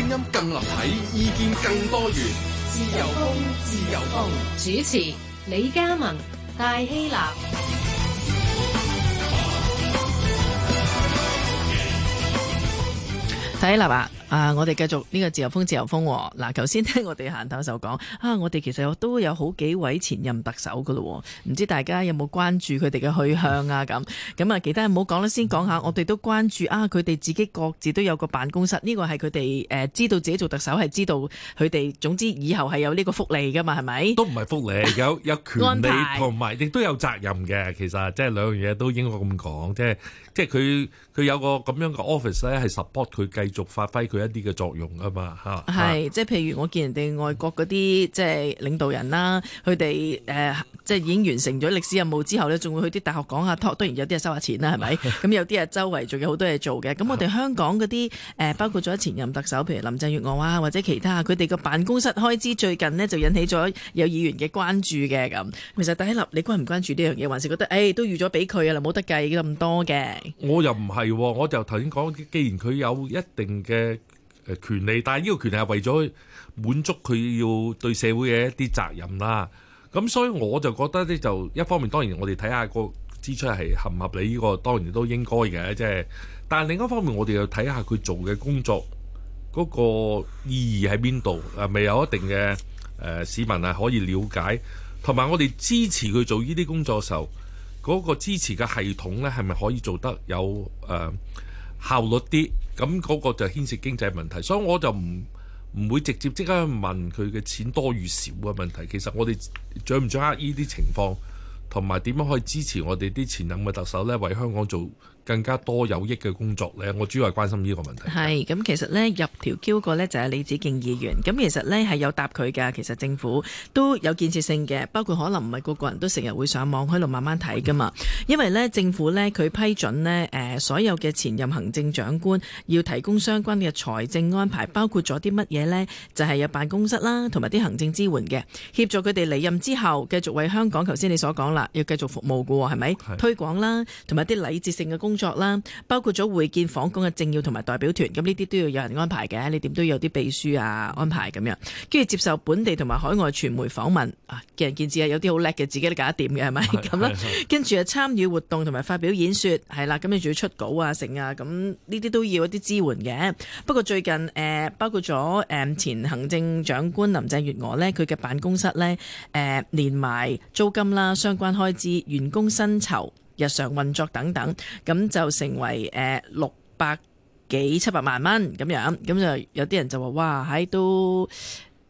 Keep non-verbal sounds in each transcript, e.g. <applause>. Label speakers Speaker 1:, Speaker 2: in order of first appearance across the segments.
Speaker 1: 聲音更立體，意見更多元。
Speaker 2: 自由風，自由風。主持李嘉文、戴希立，
Speaker 3: 戴希立啊。啊！我哋繼續呢個自由風，自由風，哦。嗱、啊，頭先聽我哋閒頭就講啊，我哋其實都有好幾位前任特首噶咯，唔知大家有冇關注佢哋嘅去向啊？咁、啊、咁啊，其他唔好講啦，先講下，我哋都關注啊，佢哋自己各自都有個辦公室，呢個係佢哋誒知道自己做特首係知道佢哋，總之以後係有呢個福利噶嘛，係咪？都唔係福利，
Speaker 1: 有有權利同埋亦都有責任嘅，其實即係兩樣嘢都應該咁講，即係即係佢佢有個咁樣嘅 office 咧，係 support 佢繼續發揮佢。一啲嘅作用啊嘛嚇，係
Speaker 3: 即係譬如我見人哋外國嗰啲即係領導人啦，佢哋誒即係已經完成咗歷史任務之後呢，仲會去啲大學講下 talk，當然有啲係收下錢啦，係咪？咁 <laughs> 有啲係周圍仲有好多嘢做嘅。咁我哋香港嗰啲誒，包括咗前任特首，譬如林鄭月娥啊，或者其他，佢哋個辦公室開支最近呢，就引起咗有議員嘅關注嘅。咁其實戴希立，你關唔關注呢樣嘢？還是覺得誒、哎、都預咗俾佢啊，冇得計咁多嘅？
Speaker 1: 我又唔係、哦，我就頭先講，既然佢有一定嘅。誒權利，但係呢個權利係為咗滿足佢要對社會嘅一啲責任啦。咁所以我就覺得呢，就一方面當然我哋睇下個支出係合唔合理、這個，呢個當然都應該嘅，即、就、係、是。但係另一方面，我哋又睇下佢做嘅工作嗰、那個意義喺邊度，誒咪有一定嘅誒、呃、市民係可以了解，同埋我哋支持佢做呢啲工作嘅時候，嗰、那個支持嘅系統呢係咪可以做得有誒、呃、效率啲？咁嗰個就牽涉經濟問題，所以我就唔唔會直接即刻問佢嘅錢多與少嘅問題。其實我哋掌唔掌握呢啲情況？同埋點樣可以支持我哋啲前任嘅特首呢？為香港做更加多有益嘅工作呢？我主要係關心呢個問題。
Speaker 3: 係咁，其實呢，入條 Q 個呢，就係、是、李梓敬議員。咁其實呢，係有答佢㗎。其實政府都有建設性嘅，包括可能唔係個個人都成日會上網喺度慢慢睇㗎嘛。因為呢，政府呢，佢批准呢所有嘅前任行政長官要提供相關嘅財政安排，包括咗啲乜嘢呢？就係、是、有辦公室啦，同埋啲行政支援嘅協助佢哋離任之後，繼續為香港。頭先你所講啊、要繼續服務嘅喎，係咪？推廣啦，同埋啲禮節性嘅工作啦，包括咗會見訪港嘅政要同埋代表團，咁呢啲都要有人安排嘅。你點都要有啲秘書啊安排咁樣，跟住接受本地同埋海外傳媒訪問，見、啊、仁見智啊，有啲好叻嘅自己都搞得掂嘅，係咪咁啦？跟住啊， <laughs> 參與活動同埋發表演說係啦，咁你仲要出稿啊成啊，咁呢啲都要一啲支援嘅。不過最近誒、呃，包括咗誒、呃、前行政長官林鄭月娥呢，佢嘅辦公室呢誒、呃、連埋租金啦，相關開支、員工薪酬、日常運作等等，咁就成為誒六百幾七百萬蚊咁樣，咁就有啲人就話：哇，喺都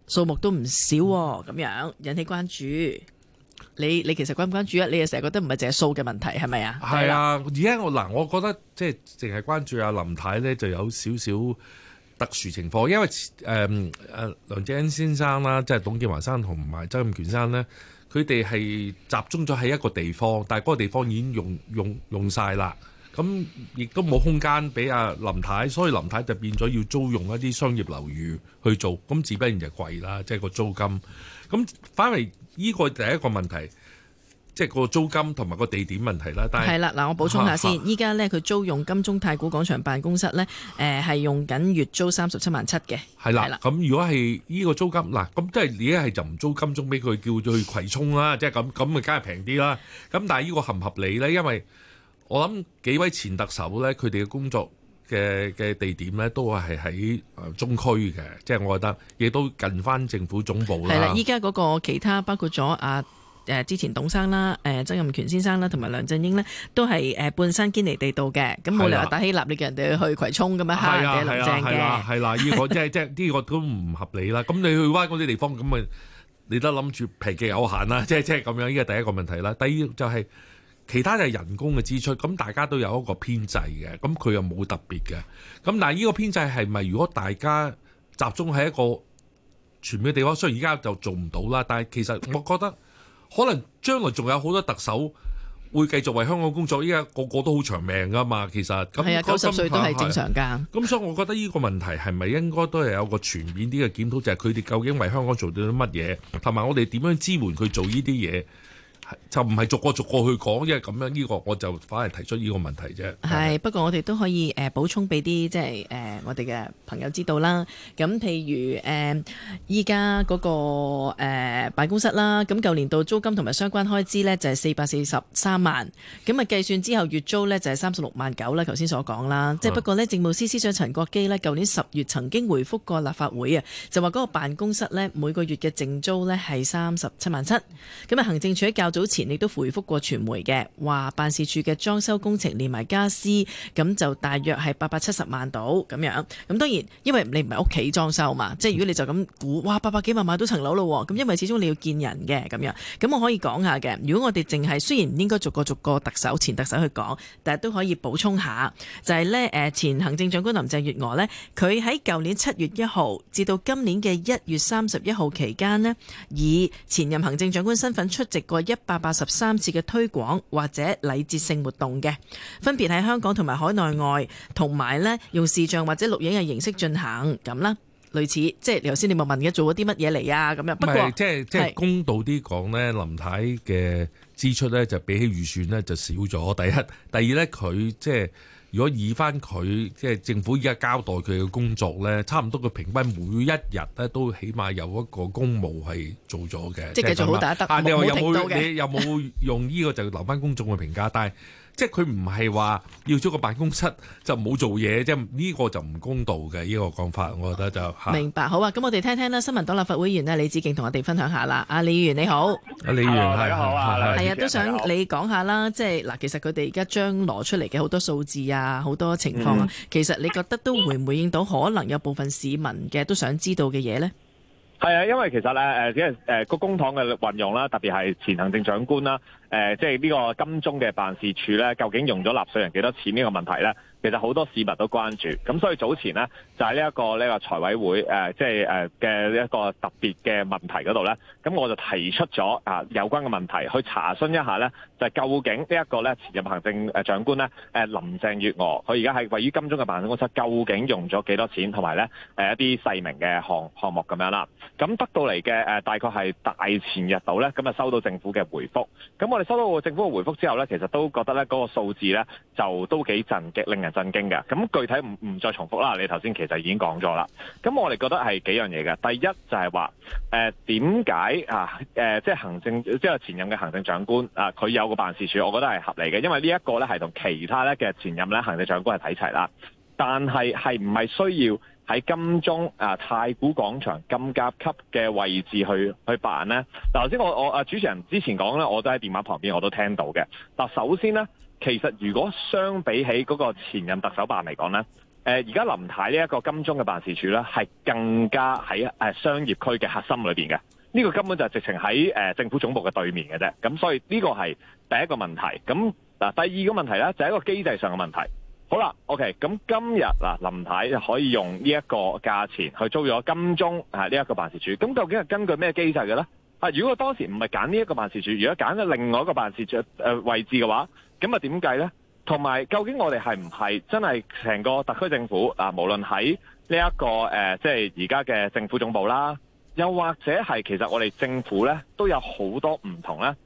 Speaker 3: 數目都唔少咁、啊、樣，引起關注。你你其實關唔關注啊？你又成日覺得唔係淨係數嘅問題，係咪啊？係
Speaker 1: 啊，而家我嗱，我覺得即係淨係關注阿林太呢就有少少特殊情況，因為誒誒、呃、梁振英先生啦，即、就、係、是、董建華生同埋曾蔭權生呢，佢哋係集中咗喺一個地方，但係嗰個地方已經用用用晒啦，咁亦都冇空間俾阿林太，所以林太就變咗要租用一啲商業樓宇去做，咁自不然就貴啦，即係個租金。咁反為，呢個第一個問題。即係個租金同埋個地點問題啦，但係，係啦，嗱我補充下先，依
Speaker 3: 家咧佢租用金鐘太古廣場辦公室咧，誒係用緊月租三十七萬七嘅，
Speaker 1: 係啦，咁如果係依個租金嗱，咁即係你一係就唔租金鐘俾佢，叫佢葵涌啦，即係咁，咁咪梗係平啲啦。咁但係依個合唔合理咧？因為我諗幾位前特首咧，佢哋嘅工作嘅嘅地點咧都係喺誒中區嘅，即係我覺得亦都近返政府總部啦。係啦，依
Speaker 3: 家嗰個其他包括咗啊。誒之前董生啦，誒曾蔭權先生啦，同埋梁振英咧，都係誒半山堅尼地道嘅，咁冇理由打起立你叫人哋去葵涌咁樣嚇嘅，梁係啦係啦
Speaker 1: 係啦，係啦，即係即係呢個都唔合理啦。咁你去灣嗰啲地方，咁咪你都諗住脾氣有限啦，即係即係咁樣。呢個第一個問題啦，第二就係其他就係人工嘅支出，咁大家都有一個編制嘅，咁佢又冇特別嘅。咁但係呢個編制係咪如果大家集中喺一個全面地方，雖然而家就做唔到啦，但係其實我覺得。可能將來仲有好多特首會繼續為香港工作，依家個個都好長命噶嘛。其實係啊，九、嗯、十的說歲都係正常噶。咁、嗯、所以我覺得呢個問題係咪應該都係有個全面啲嘅檢討，就係佢哋究竟為香港做到啲乜嘢，同埋我哋點樣支援佢做呢啲嘢。就唔係逐個逐個去講，因為咁樣呢、這個我就反而提出呢個問題啫。
Speaker 3: 係是，是不過我哋都可以誒、呃、補充俾啲即係誒我哋嘅朋友知道啦。咁譬如誒依家嗰個誒、呃、辦公室啦，咁舊年度租金同埋相關開支呢，就係四百四十三萬。咁啊計算之後月租呢，就係三十六萬九啦。頭先所講啦，即係不過呢，政務司司長陳國基呢，舊年十月曾經回覆過立法會啊，就話嗰個辦公室呢，每個月嘅淨租呢，係三十七萬七。咁啊，行政署喺較。早前亦都回覆過傳媒嘅，話辦事處嘅裝修工程連埋家私，咁就大約係八百七十萬度咁樣。咁當然，因為你唔係屋企裝修嘛，即係如果你就咁估，哇，八百幾萬買到層樓咯。咁因為始終你要見人嘅咁樣。咁我可以講下嘅，如果我哋淨係雖然唔應該逐個逐個特首前特首去講，但係都可以補充下，就係呢，誒，前行政長官林鄭月娥呢，佢喺舊年七月一號至到今年嘅一月三十一號期間呢，以前任行政長官身份出席過一八百八十三次嘅推廣或者禮節性活動嘅，分別喺香港同埋海內外，同埋呢用視像或者錄影嘅形式進行咁啦，類似即係頭先你咪問嘅做咗啲乜嘢嚟啊咁樣。不過即係即係
Speaker 1: 公道啲講呢，是林太嘅支出呢就比起預算呢就少咗。第一，第二呢，佢即係。如果以翻佢即係政府而家交代佢嘅工作咧，差唔多佢平均每一日咧都起碼有一個公務係做咗嘅，即係做好打得，但你話有冇你有冇用呢個就留翻公眾去評價。但係。即係佢唔係話要租個辦公室就冇做嘢啫，呢、這個就唔公道嘅呢、這個講法，我覺得就明
Speaker 3: 白。好啊，咁我哋聽聽啦，新民黨立法會議員咧李梓敬同我哋分享下啦。啊，李議員你好，
Speaker 1: 李議員好。係啊，都
Speaker 3: 想你講下啦。即係嗱，其實佢哋而家將攞出嚟嘅好多數字啊，好多情況啊，嗯、其實你覺得都會唔會回應到可能有部分市民嘅都想知道嘅嘢咧？
Speaker 2: 係啊，因為其實咧誒，即係誒個公帑嘅運用啦，特別係前行政長官啦，誒即係呢個金鐘嘅辦事處咧，究竟用咗納稅人幾多錢呢、呢個問題咧？其實好多市民都關注，咁所以早前呢，就係呢一個呢個財委會誒，即係誒嘅呢一個特別嘅問題嗰度呢，咁我就提出咗啊有關嘅問題，去查詢一下呢就係、究竟呢一個呢前任行政誒、呃、長官呢，林鄭月娥，佢而家係位於金鐘嘅辦公室，究竟用咗幾多錢，同埋呢、呃、一啲細明嘅項項目咁樣啦。咁得到嚟嘅、呃、大概係大前日到呢。咁啊收到政府嘅回覆。咁我哋收到政府嘅回覆之後呢，其實都覺得呢嗰、嗰個數字呢，就都幾震驚，令人。震驚嘅，咁具體唔唔再重複啦。你頭先其實已經講咗啦。咁我哋覺得係幾樣嘢嘅。第一就係話，誒點解啊？誒、呃，即係行政，即係前任嘅行政長官啊，佢、呃、有個辦事處，我覺得係合理嘅，因為呢一個咧係同其他咧嘅前任咧行政長官係睇齊啦。但係係唔係需要喺金鐘啊、呃、太古廣場咁甲級嘅位置去去辦呢？嗱，頭先我我啊主持人之前講咧，我都喺電話旁邊我都聽到嘅。嗱，首先呢。其實如果相比起嗰個前任特首辦嚟講呢，誒而家林太呢一個金鐘嘅辦事處呢，係更加喺誒、呃、商業區嘅核心裏邊嘅。呢、這個根本就係直情喺、呃、政府總部嘅對面嘅啫。咁所以呢個係第一個問題。咁嗱、啊，第二個問題呢，就係、是、一個機制上嘅問題。好啦，OK，咁今日嗱、啊、林太可以用呢一個價錢去租咗金鐘係呢一個辦事處，咁究竟係根據咩機制嘅呢？啊！如果我當時唔係揀呢一個辦事處，如果揀咗另外一個辦事處誒、呃、位置嘅話，咁啊點計咧？同埋究竟我哋係唔係真係成個特區政府啊？無論喺呢一個誒、呃，即係而家嘅政府總部啦，又或者係其實我哋政府咧都有好多唔同咧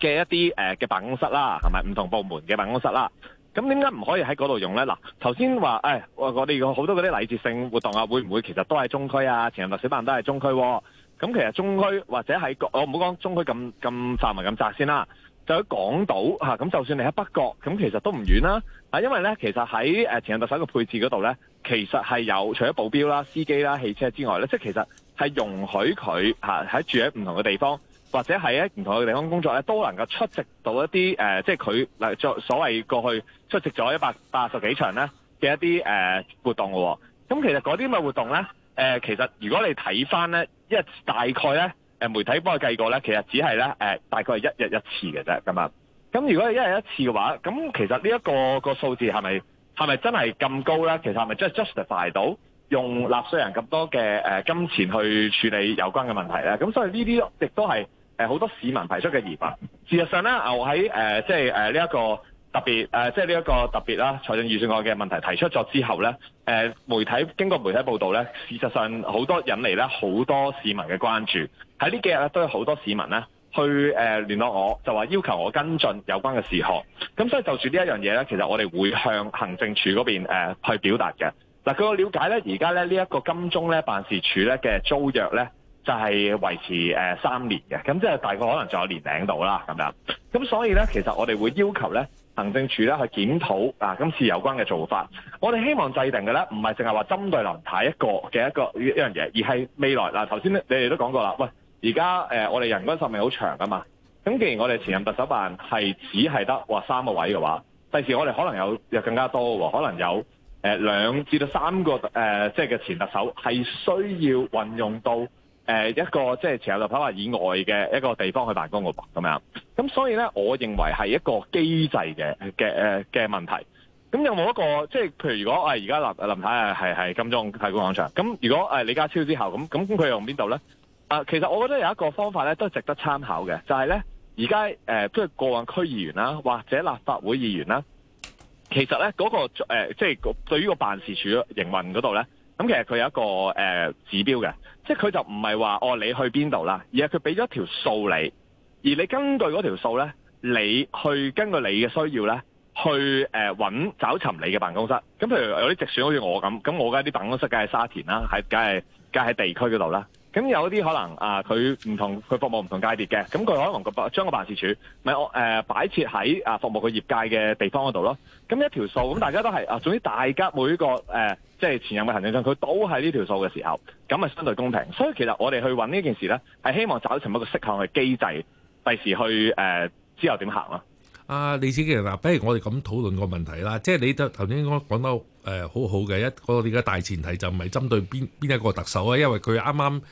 Speaker 2: 嘅一啲誒嘅辦公室啦，係咪唔同部門嘅辦公室啦？咁點解唔可以喺嗰度用咧？嗱，頭先話誒我哋好多嗰啲禮節性活動啊，會唔會其實都係中區啊？前日小辦都係中區，啊。咁其實中區或者喺我唔好講中區咁咁範圍咁窄先啦，就喺港島咁，就算你喺北角，咁其實都唔遠啦。啊，因為咧，其實喺誒前任特首嘅配置嗰度咧，其實係有除咗保鏢啦、司機啦、汽車之外咧，即係其實係容許佢喺住喺唔同嘅地方，或者喺唔同嘅地方工作咧，都能夠出席到一啲誒，即係佢嗱在所謂過去出席咗一百八十幾場咧嘅一啲誒活動嘅。咁其實嗰啲咁嘅活動咧。誒、呃，其實如果你睇翻咧，一日大概咧，誒媒體幫佢計過咧，其實只係咧，誒、呃、大概係一日一次嘅啫，咁樣咁如果係一日一次嘅話，咁其實呢、這、一個、那個數字係咪係咪真係咁高咧？其實係咪真係 justify 到用納稅人咁多嘅、呃、金錢去處理有關嘅問題咧？咁所以呢啲亦都係誒好多市民提出嘅疑問。事實上咧，我喺誒、呃、即係誒呢一個。特別誒，即係呢一個特別啦、啊，財政預算案嘅問題提出咗之後咧，誒、呃、媒體經過媒體報導咧，事實上好多引嚟咧好多市民嘅關注，喺呢幾日咧都有好多市民咧去誒聯、呃、絡我，就話要求我跟進有關嘅事項。咁所以就住呢一樣嘢咧，其實我哋會向行政署嗰邊去表達嘅。嗱，據我了解咧，而家咧呢一、這個金鐘咧辦事處咧嘅租約咧，就係、是、維持、呃、三年嘅，咁即係大概可能仲有年幾度啦咁樣。咁所以咧，其實我哋會要求咧。行政署咧去檢討啊，今次有關嘅做法，我哋希望制定嘅咧，唔係淨係話針對林太一個嘅一個一樣嘢，而係未來，嗱頭先你哋都講過啦，喂，而家誒我哋人均壽命好長噶嘛，咁既然我哋前任特首辦係只係得話三個位嘅話，第時我哋可能有有更加多喎，可能有誒兩至到三個誒即係嘅前特首係需要運用到。誒、呃、一個即係前海立法會以外嘅一個地方去辦公嘅咁樣，咁所以咧，我認為係一個機制嘅嘅誒嘅問題。咁有冇一個即係譬如如果誒而家林林太係係金鐘太古廣場，咁如果誒、呃、李家超之後，咁咁佢用邊度咧？啊、呃，其實我覺得有一個方法咧都係值得參考嘅，就係咧而家誒即係過往區議員啦、啊，或者立法會議員啦、啊，其實咧嗰、那個、呃、即係對於個辦事處嘅營運嗰度咧。咁其實佢有一個誒指標嘅，即係佢就唔係話哦你去邊度啦，而係佢俾咗一條數你，而你根據嗰條數咧，你去根據你嘅需要咧，去誒揾找尋你嘅辦公室。咁譬如有啲直選好似我咁，咁我嘅啲辦公室梗係沙田啦，係梗係梗係地區嗰度啦。咁有啲可能啊，佢唔同佢服務唔同界別嘅，咁佢可能個辦將個辦事處咪我誒擺設喺啊服務嘅業界嘅地方嗰度咯。咁一條數，咁大家都係啊，總之大家每一個誒。即係前任嘅行政長官，佢都係呢條數嘅時候，咁咪相對公平。所以其實我哋去揾呢件事咧，係希望找尋一個適當嘅機制，第時去誒、呃、之後點行咯、
Speaker 1: 啊。阿李梓敬嗱，不如我哋咁討論個問題啦。即係你頭先講講到誒好好嘅一，我哋而家大前提就唔係針對邊邊一個特首啊，因為佢啱啱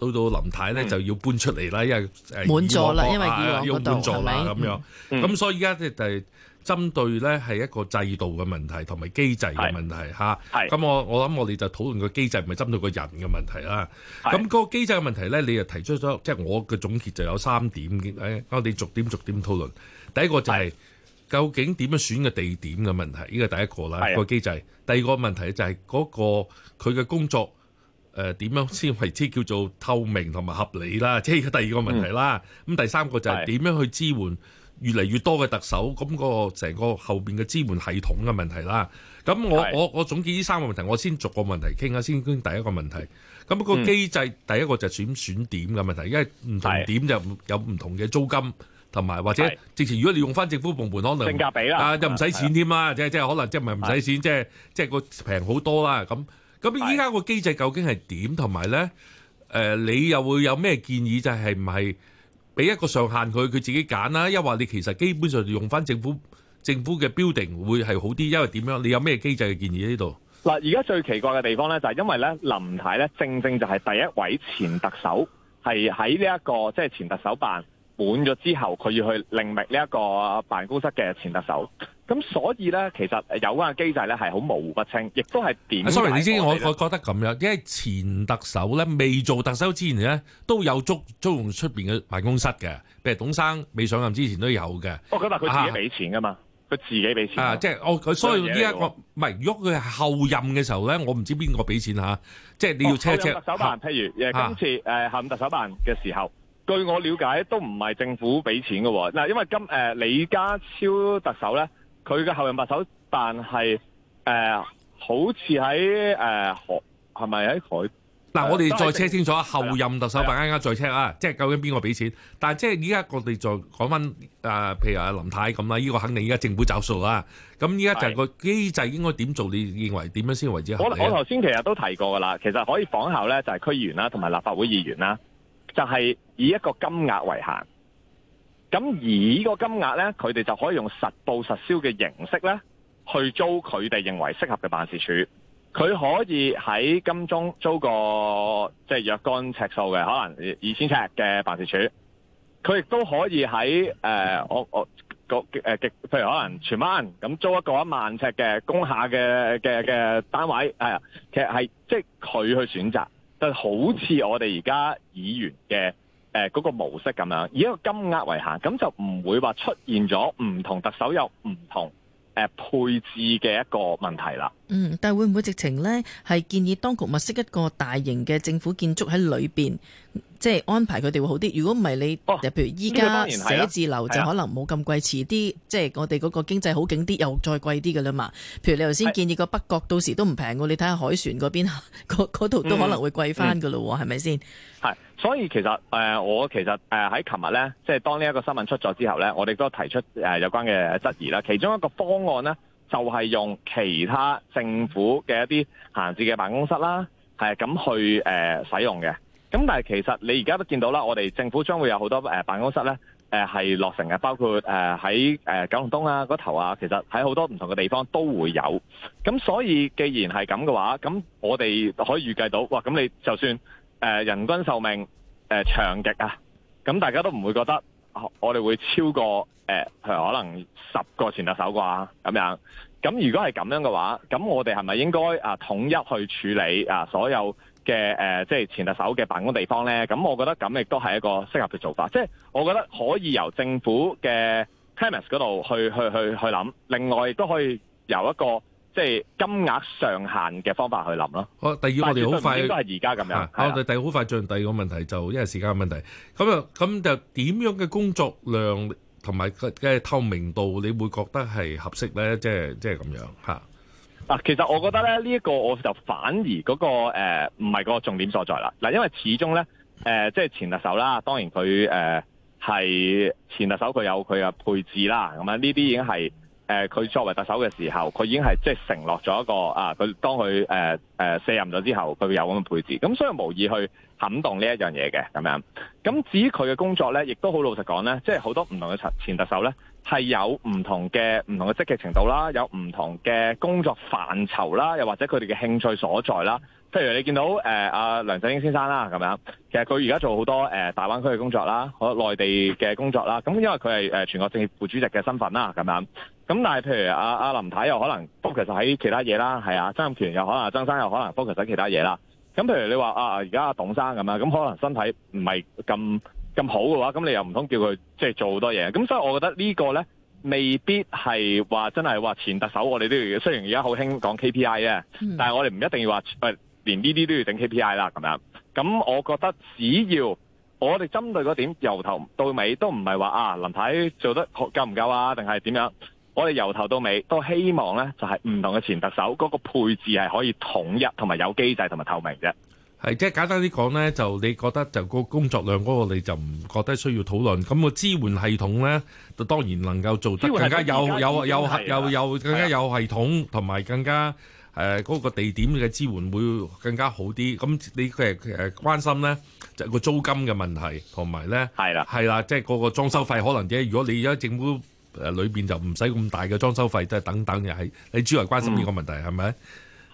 Speaker 1: 到到林太咧、嗯、就要搬出嚟啦，因為滿咗啦，因為要院嗰度係咪咁樣？咁、嗯嗯、所以而家即係。針對呢係一個制度嘅問題同埋機制嘅問題嚇，咁、啊、我諗我哋就討論個機制，唔係針對個人嘅問題啦。咁是個機制嘅問題呢，你就提出咗，即、就、係、是、我嘅總結就有三點嘅。我、哎、哋逐點逐點討論。第一個就係、是、是究竟點樣選嘅地點嘅問題，呢個第一個啦、啊、個機制。第二個問題就係嗰、那個佢嘅工作誒點、呃、樣先為之叫做透明同埋合理啦，即、就、係、是、第二個問題啦。咁、嗯、第三個就係點樣去支援。越嚟越多嘅特首，咁、那個成個後邊嘅支援系統嘅問題啦。咁我我是我總結呢三個問題，我先逐個問題傾下先。先傾第一個問題，咁、那個機制第一個就是選選點嘅問題，因為唔同點就有唔同嘅租金，同埋是或者直情如果你用翻政府部門可能，性價比啦，啊就唔使錢添啦，是即係即係可能即係唔係唔使錢，是即係即係個平好多啦。咁咁依家個機制究竟係點同埋咧？誒、呃，你又會有咩建議、就是？就係唔係？俾一個上限佢，佢自己揀啦。因為話你其實基本上用翻政府政府嘅 building 會係好啲，因為點樣？你有咩機制嘅建議喺呢度？
Speaker 2: 嗱，而家最奇怪嘅地方呢，就係因為呢林太呢正正就係第一位前特首，係喺呢一個即係、就係、前特首辦滿咗之後，佢要去另覓呢一個辦公室嘅前特首。咁所以咧，其實有關嘅機制咧係好模糊不清，亦都係點？sorry，你知我我
Speaker 1: 覺得咁樣，因為前特首咧未做特首之前咧都有租租用出邊嘅辦公室嘅，譬如董生未上任之前都有嘅。我覺得佢自己俾錢㗎嘛，佢自己俾錢啊！即係我佢所以呢一個唔係，如果佢係後任嘅時候咧，我唔知邊個俾錢嚇。即係你要車車嚇。後任特首辦，譬如今次誒後任特首辦嘅時候，據我瞭解都唔係
Speaker 2: 政府俾錢㗎喎。嗱，因為今誒李家超特首咧。佢嘅後任特首，但係誒，好似喺誒海，係咪喺海？
Speaker 1: 嗱，我哋再車清楚後任特首，伯啱啱再車啊！的即係究竟邊個俾錢？但係即係依家我哋再講翻誒，譬、呃、如阿林太咁啦，呢、這個肯定依家政府走數啦。咁依家就係個機制應該點做？你認為點樣先為之合理？我我頭
Speaker 2: 先其實都提過噶啦，其實可以仿效咧，就係區議員啦，同埋立法會議員啦，就係、是、以一個金額為限。咁而呢個金額呢，佢哋就可以用實報實銷嘅形式呢去租佢哋認為適合嘅辦事處。佢可以喺金鐘租個即係若干尺數嘅，可能二千尺嘅辦事處。佢亦都可以喺誒、呃、我我譬如可能荃灣咁租一個一萬尺嘅工廈嘅嘅嘅單位係啊，其實係即係佢去選擇，就好似我哋而家議員嘅。誒嗰個模式咁樣，以一個金額為限，咁就唔會話出現咗唔同特首有唔同誒配置嘅一個問題啦。
Speaker 3: 嗯，但係會唔會直情呢？係建議當局物色一個大型嘅政府建築喺裏邊，即係安排佢哋會好啲？如果唔係你，哦、譬如依家寫字樓就可能冇咁貴，哦這個、是遲啲些、啊、即係我哋嗰個經濟好景啲又再貴啲嘅啦嘛。譬如你頭先建議個北角是到時都唔平嘅，你睇下海船嗰邊，嗰 <laughs> 度都可能會貴翻嘅咯，係咪先？
Speaker 2: 係吧，所以其實誒、呃，我其實誒喺琴日呢，即、就、係、是、當呢一個新聞出咗之後呢，我哋都提出誒有關嘅質疑啦。其中一個方案呢，就係用其他政府嘅一啲閒置嘅辦公室啦，係咁去誒、呃、使用嘅。咁但係其實你而家都見到啦，我哋政府將會有好多誒、呃、辦公室咧，係、呃、落成嘅，包括誒喺誒九龍東啊嗰頭啊，其實喺好多唔同嘅地方都會有。咁所以既然係咁嘅話，咁我哋可以預計到，哇！咁你就算誒、呃、人均壽命誒、呃、長極啊，咁大家都唔會覺得。我哋會超過誒、呃，譬如可能十個前特首啩咁樣。咁如果係咁樣嘅話，咁我哋係咪應該啊，統一去處理啊，所有嘅誒，即、呃、係前特首嘅辦公地方咧？咁我覺得咁亦都係一個適合嘅做法。即係我覺得可以由政府嘅 premises 嗰度去去去去諗，另外亦都可以由一個。即係金額上限嘅方法去諗咯。好，第二是我哋好快應該係而家咁樣。第
Speaker 1: 二好快進入第二個問題就，就因為時間問題。咁啊，咁就點樣嘅工作量同埋嘅透明度，你會覺得係合適咧？即係即係咁樣嚇。
Speaker 2: 嗱、啊啊，其實我覺得咧，呢、這、一個我就反而嗰、那個唔係、呃、個重點所在啦。嗱，因為始終咧誒，即、呃、係、就是、前特首啦，當然佢誒係前特首，佢有佢嘅配置啦。咁啊，呢啲已經係。誒，佢、呃、作為特首嘅時候，佢已經係即係承諾咗一個啊，佢當佢誒誒卸任咗之後，佢會有咁嘅配置，咁所以無意去撼動呢一樣嘢嘅咁樣。咁至於佢嘅工作咧，亦都好老實講咧，即係好多唔同嘅前前特首咧，係有唔同嘅唔同嘅積極程度啦，有唔同嘅工作範疇啦，又或者佢哋嘅興趣所在啦。譬如你見到誒阿、呃、梁振英先生啦，咁樣其實佢而家做好多誒、呃、大灣區嘅工作啦，好多內地嘅工作啦。咁因為佢係、呃、全國政協副主席嘅身份啦，咁樣。咁但係譬如阿阿、啊、林太又可能 focus 喺其他嘢啦，係啊，曾蔭權又可能曾生又可能 focus 喺其他嘢啦。咁譬如你話啊，而家阿董生咁樣咁可能身體唔係咁。咁好嘅話，咁你又唔通叫佢即係做好多嘢？咁所以我覺得呢個呢，未必係話真係話前特首，我哋都要。雖然而家好興講 KPI 啊，但係我哋唔一定要話連呢啲都要整 KPI 啦。咁樣，咁我覺得只要我哋針對嗰點，由頭到尾都唔係話啊林太做得夠唔夠啊，定係點樣？我哋由頭到尾都希望呢，就係唔同嘅前特首嗰個配置係可以統一，同埋有機制，同埋透明啫。
Speaker 1: 係即係簡單啲講咧，就你覺得就個工作量嗰個你就唔覺得需要討論。咁、個支援系統咧，就當然能夠做得更加有有有有有的更加有系統，同埋更加誒嗰、呃嗰個地點嘅支援會更加好啲。咁你嘅誒、呃、關心咧就係、個租金嘅問題，同埋咧係啦係啦，即係個個裝修費可能嘅。如果你而家政府誒裏邊就唔使咁大嘅裝修費，都、就、係、係、等等嘅係。你主要係關心呢個問題係咪？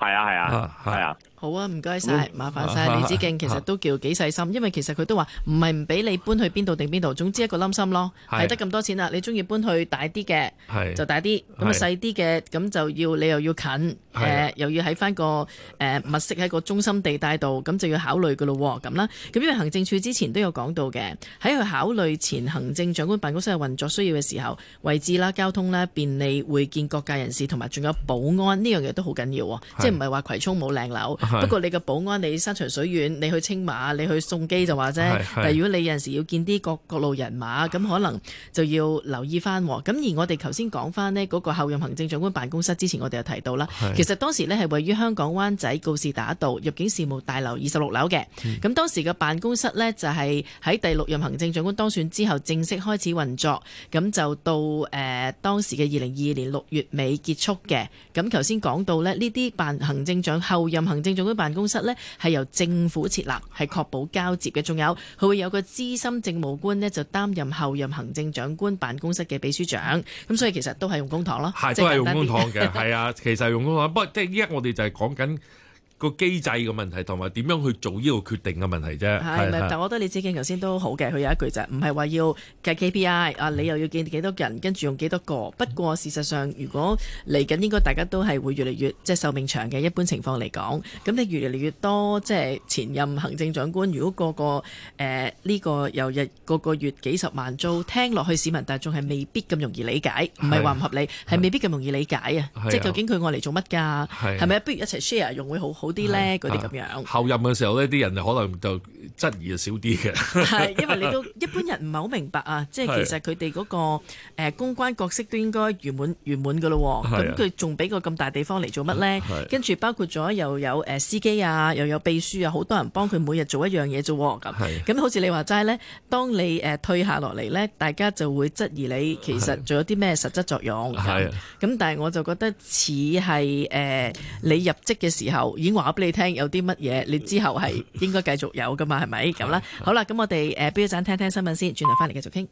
Speaker 1: 係啊係啊係啊。吧
Speaker 3: 好啊，唔該晒，麻煩晒。李梓敬，其實都叫幾細心，啊、因為其實佢都話唔係唔俾你搬去邊度定邊度，總之一個冧心咯，係得咁多錢啦，你中意搬去大啲嘅，的就大啲，咁啊細啲嘅，咁就要你又要近，的呃、又要喺翻個誒、呃、物色喺個中心地帶度，咁就要考慮噶咯喎，咁啦，咁因為行政署之前都有講到嘅，喺佢考慮前行政長官辦公室嘅運作需要嘅時候位置啦、交通啦、便利會見各界人士同埋仲有保安呢樣嘢都好緊要，的即唔係話葵涌冇靚樓？不過你個保安你山長水遠，你去清馬你去送機就話啫。是是是，但如果你有陣時要見啲各各路人馬，咁可能就要留意翻。咁而我哋頭先講翻呢嗰個候任行政長官辦公室，之前我哋有提到啦。其實當時呢係位於香港灣仔告士打道入境事務大樓二十六樓嘅。咁當時嘅辦公室呢，就係喺第六任行政長官當選之後正式開始運作，咁就到誒、呃、當時嘅二零二二年六月尾結束嘅。咁頭先講到呢呢啲辦行政長候任行政。總督辦公室呢係由政府設立，係確保交接嘅。仲有佢會有個資深政務官呢就擔任後任行政長官辦公室嘅秘書長。咁所以其實都係用公堂咯，係都係用公堂嘅，係
Speaker 1: 啊， <laughs> 其實係用公堂。不過即係依家我哋就係講緊。個機制嘅問題，同埋點樣去做呢個決定嘅問題啫。係咪？但我
Speaker 3: 覺得李梓敬頭先都好嘅，佢有一句就唔係話要計 KPI 啊？你又要見幾多人，跟住用幾多個？不過事實上，如果嚟緊應該大家都係會越嚟越即係壽命長嘅一般情況嚟講，咁你越嚟越多，即係前任行政長官如果個個呢、呃呢個由日個個月幾十萬租聽落去市民大眾係未必咁容易理解，唔係話唔合理，係的的未必咁容易理解啊！的即究竟佢愛嚟做乜㗎？係咪的的不如一齊 share 用會好好。好啲咧，佢哋咁樣。後
Speaker 1: 任嘅時候咧，啲人就可能就質疑就少啲嘅。係，因為你都
Speaker 3: 一般人唔係好明白啊，即係其實佢哋嗰個誒公關角色都應該圓滿圓滿嘅咯。係，咁佢仲俾個咁大地方嚟做乜咧？係，跟住包括咗又有誒司機啊，又有秘書啊，好多人幫佢每日做一樣嘢啫。係，咁咁好似你話齋咧，當你誒退下落嚟咧，大家就會質疑你其實做咗啲咩實質作用。係，咁但係我就覺得似係誒你入職嘅時候已經。話俾你聽有啲乜嘢，你之後係應該繼續有噶嘛？係咪咁啦？好啦，咁 <laughs> 我哋誒，俾一陣聽聽新聞先，轉頭翻嚟繼續傾。